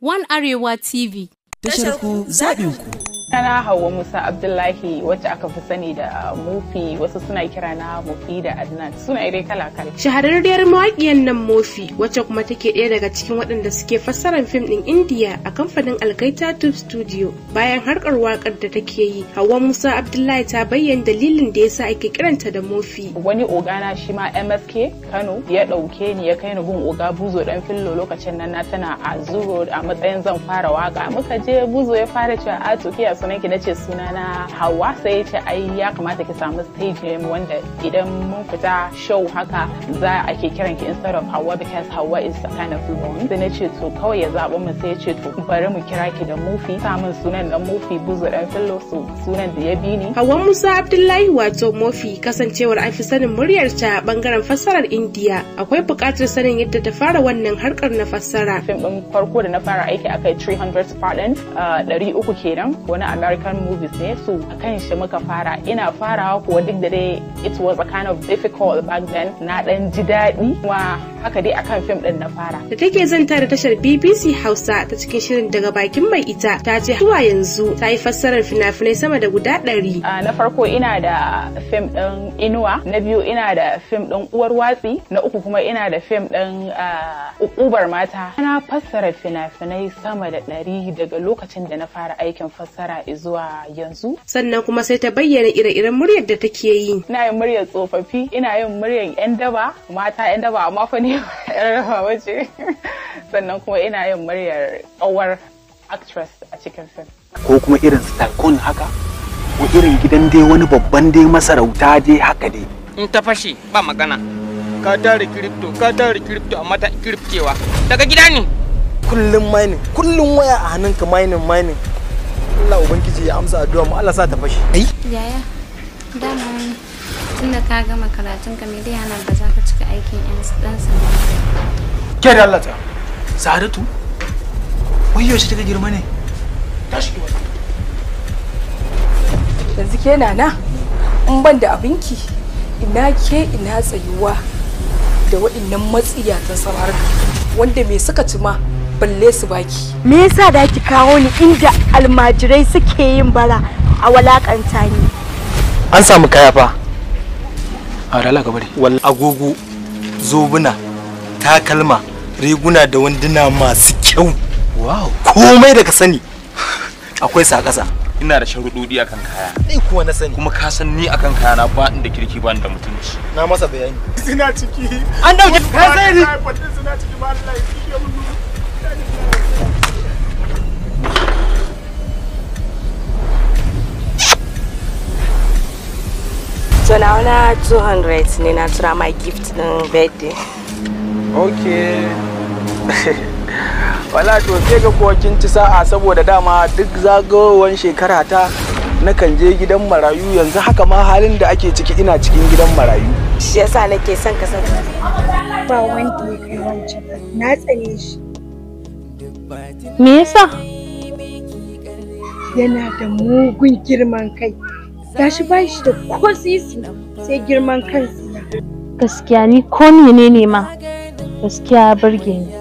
One Arewa TV. Tashar ku zaɓin ku. Sana Hauwa Musa Abdullahi wacce aka fi sani da mofi wasu suna kira na Mufi da Adnan suna dai kala kala. Shahararriyar mawaƙiyar nan mofi wacce kuma take ɗaya daga cikin waɗanda suke fassarar fim ɗin Indiya a kamfanin alkaita Tube Studio. Bayan harkar waƙar da take yi, Hauwa Musa Abdullahi ta bayyana dalilin da yasa ake kiranta da mofi. Wani ogana shi ma MSK Kano ya ɗauke ni ya kai ni gun oga buzo ɗan fillo lokacin nan na tana a Zuro a matsayin zan fara waƙa. Muka je buzo ya fara cewa a to sunan ki nace suna na Hauwa sai ya ce ai ya kamata ki samu stage name wanda idan mun fita show haka za a ke kiran ki instead of Hauwa because Hauwa is kind of woman sai nace to kawai ya zaɓi mu sai ya ce to bari mu kira ki da Mufi samun sunan dan Mufi buzu dan fillo su sunan da ya bi ni hawan Musa Abdullahi wato Mufi kasancewar an fi sanin muryar ta bangaren fassarar Indiya akwai buƙatar sanin yadda ta fara wannan harkar na fassara fim ɗin farko da na fara aiki akai 300 pardon 300 uh, kenan wani American movies ne so kan shi muka fara ina farawa kuwa duk da dai it was a kind of difficult back then na dan ji daɗi haka dai akan fim din na fara da take zanta da tashar BBC Hausa ta cikin shirin daga bakin mai ita ta ce zuwa yanzu ta yi fassarar fina-finai sama da guda ɗari na farko ina da fim din inuwa na biyu ina da fim din uwar watsi na uku kuma ina da fim din ubar mata na fassara fina-finai sama da ɗari daga lokacin da na fara aikin fassara zuwa yanzu sannan kuma sai ta bayyana ire-iren muryar da take yi ina yin muryar tsofaffi ina yin muryar 'yan daba mata 'yan daba amma fa ni ni yar sannan kuma ina yin muryar ƙawar actress a cikin fim ko kuma irin stakon haka ko irin gidan dai wani babban dai masarauta dai haka dai in ta fashe ba magana ka tare kiripto ka tare kiripto amma ta kiriptewa daga gida ne kullum mining kullum waya a hannunka mining mining Allah ubangiji ya amsa addu'a mu Allah sa ta fashe ai yaya dama tunda ka gama karatun ka me zai hana ba za ka cika aikin yan dan sanda ke da Allah ta Sadatu wai shi take girma ne tashi ki wata yanzu ke nana in ban da abinki ina ke ina tsayuwa da waɗannan matsiya ta samar wanda me suka ci ma balle su baki me yasa da ki kawo ni inda almajirai suke yin bara a walakanta ni an samu kaya fa a dala ka bari agogo zobuna takalma riguna da wanduna masu kyau wow komai da ka sani akwai sa ƙasa ina da a kan kaya ni kuwa na sani kuma ka san ni a kan kaya na ba da kirki ba da mutunci na masa bayani zina ciki an dauki ka sai ni zina ciki ba Allah ya kike mun so na wani 200 ne na tura ma gift din birthday ok wala to sai ga kuwa kin ci sa'a saboda dama duk zagawowar shekara ta na kan je gidan marayu yanzu haka ma halin da ake ciki ina cikin gidan marayu shi yasa nake son ka san ba wanda ya kai wancan na tsane shi me yasa yana da mugun girman kai gashi ba shi da ko sisi sai girman kansa gaskiya ni ko menene ma gaskiya burge ni